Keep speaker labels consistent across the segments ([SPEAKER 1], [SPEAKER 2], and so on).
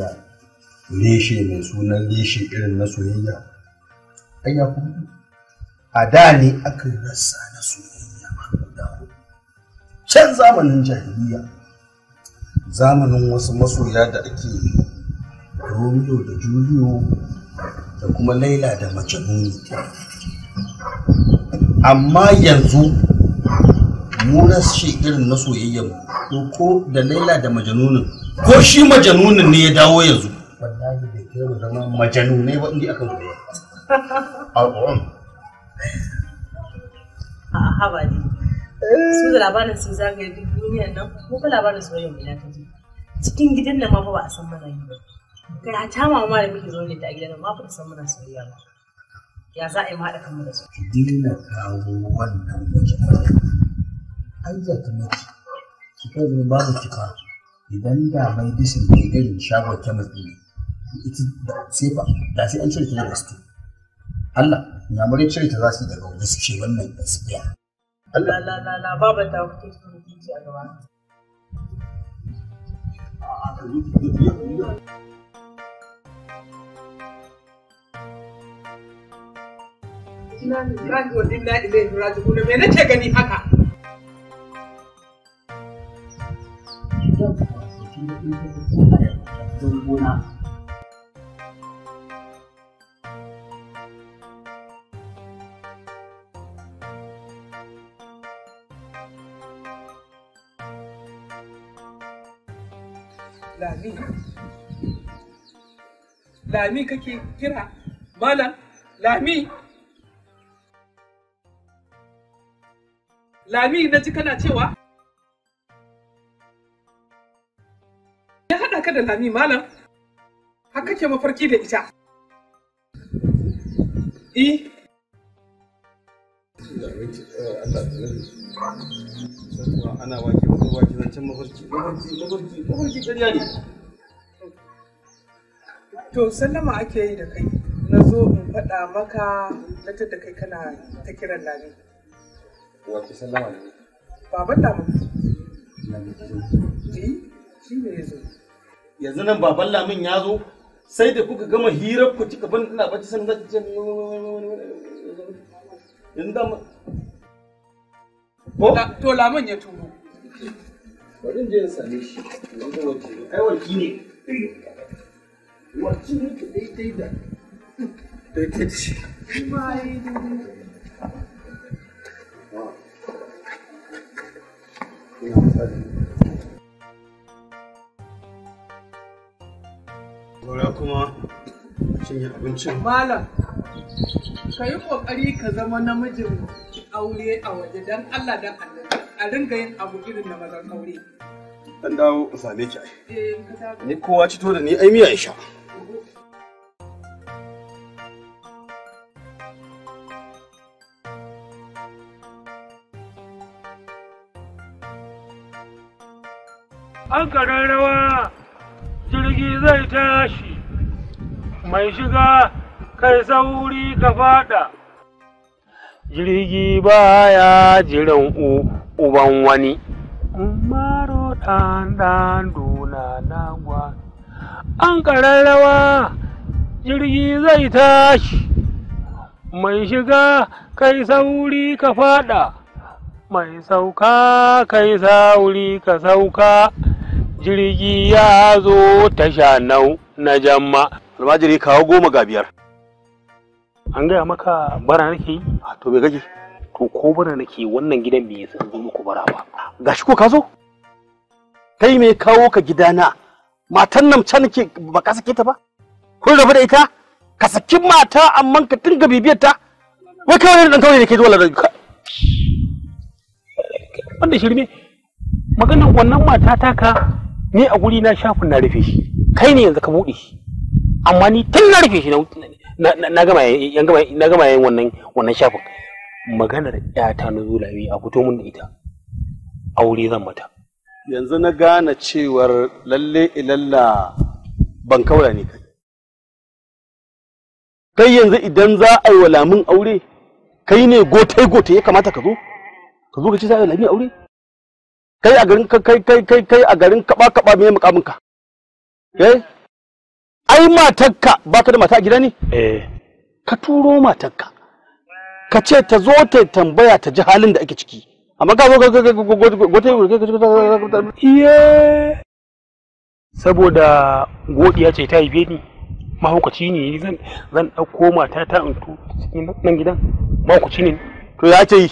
[SPEAKER 1] soyayya reshe mai sunan reshe irin na soyayya ai kuma a da ne aka rasa na soyayya ba can zamanin jahiliya zamanin wasu masoya da ake romeo da julio da kuma laila da majanuni amma yanzu mu shi irin na soyayya ko da laila da majanunin ko shi majanunin ne ya dawo yanzu wallahi da kai mu zama majanunai ba inda aka zuwa al'um a haba ne su da labarin su zagaye duk duniyar nan ko labarin su wajen gida ta ji cikin gidan nan ma ba a san mana yi ba kai a ta ma da muke zo da a gidan ma ba san mana su ba ya za a yi haɗa kanmu da su ki dina kawo wannan mutum ai za ta mace ki kai ba mu ki fara idan da mai disin bai gani shagon kemis ɗin ita sai da sai an cire ta daga su Allah ya mure cire ta za su daga waje ce wannan biya Allah la la la ba ta kuke su kike a gaba Ina ne, ina ne, ina ne, ina ne, ina ne, ina ne, lami lami kake kira malam lami lami na ji kana cewa ka da lami malam har kake mafarki da ita i ana wake wake zan zancen mafarki mafarki mafarki mafarki kariya ne to sallama ake yi da kai na zo in faɗa maka na da kai kana ta kiran lami wace sallama ne baban lami lami shi ne ya zo yanzu nan baban lamin ya zo sai da kuka gama hirar ku cika ban ina bacci san zaki ce yanzu da ko to lamin ya turo bari je in same shi yanzu wace kai warki ne warki ne ke dai dai da dai dai shi bai Thank you. kuma cinye abincin. Malam, ka yi ƙoƙari ka zama namijin aure a waje don Allah don Allah a ringa yin abu irin na mazan aure. Dan dawo in same ki eh, Ni kowa cito da ni ai miya in sha. An rawa jirgi zai tashi. mai shiga kai sauri ka fada. Jirgi baya jiran uban wani. Maro ɗan ɗan duna nagwa. An ƙararrawa jirgi zai tashi. Mai shiga kai sauri ka fada. Mai sauka kai sauri ka sauka. Jirgi ya zo tasha na jamma. almajiri kawo goma ga biyar an gaya maka bara nake yi a to bai gaji to ko bara nake wannan gidan bai yasa zo muku bara ba shi ko ka zo kai me kawo ka gidana matan nan can nake ba ka sake ta ba kun rabu da ita ka saki mata amma ka dinga bibiyar ta wai kawai ne dan kawai ne ke zuwa da wanda shirme maganar wannan mata ta ka ni a guri na shafin na rufe shi kai ne yanzu ka buɗe shi amma ni tun na rufe shi na gama na gama yin wannan wannan shafin maganar ta na zulawi a fito mun da ita aure zan mata yanzu na gane cewar lalle ilalla ban kaura ne kai kai yanzu idan za a yi wa lamun aure kai ne gotai gotai ya kamata ka zo ka zo ka ci za a yi lamun aure kai a garin kai kai kai kai a garin kaba kaba me mukamin ka kai eh? matarka ka da mata a gida ne eh ka turo matarka ka ce ta zo ta tambaya ta ji halin da ake ciki amma ka zo gote iye saboda godiya ce ta haife ni mahaukaci ne zan zan dauko mata ta in tu cikin nan gidan mahaukaci ne to ya ce yi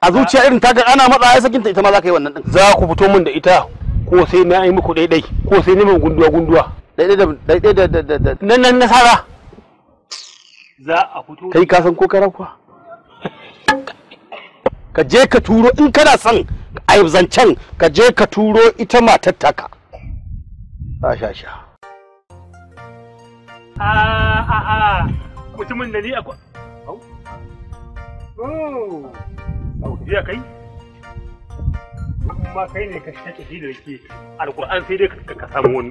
[SPEAKER 1] a zuciya irin ta ga ana matsa ya sakinta ita ma za ka yi wannan din za ku fito min da ita ko sai na yi muku daidai ko sai mun gunduwa gunduwa daidai da nan nasara za a fito kai ka san ko karan kuwa ka je ka turo in kana son ayi ka je ka turo ita matar taka sha sha a a a mutumin da ni akwai Oh, kai? ma kai ne ka da ke alƙur'an sai dai ka samu wani.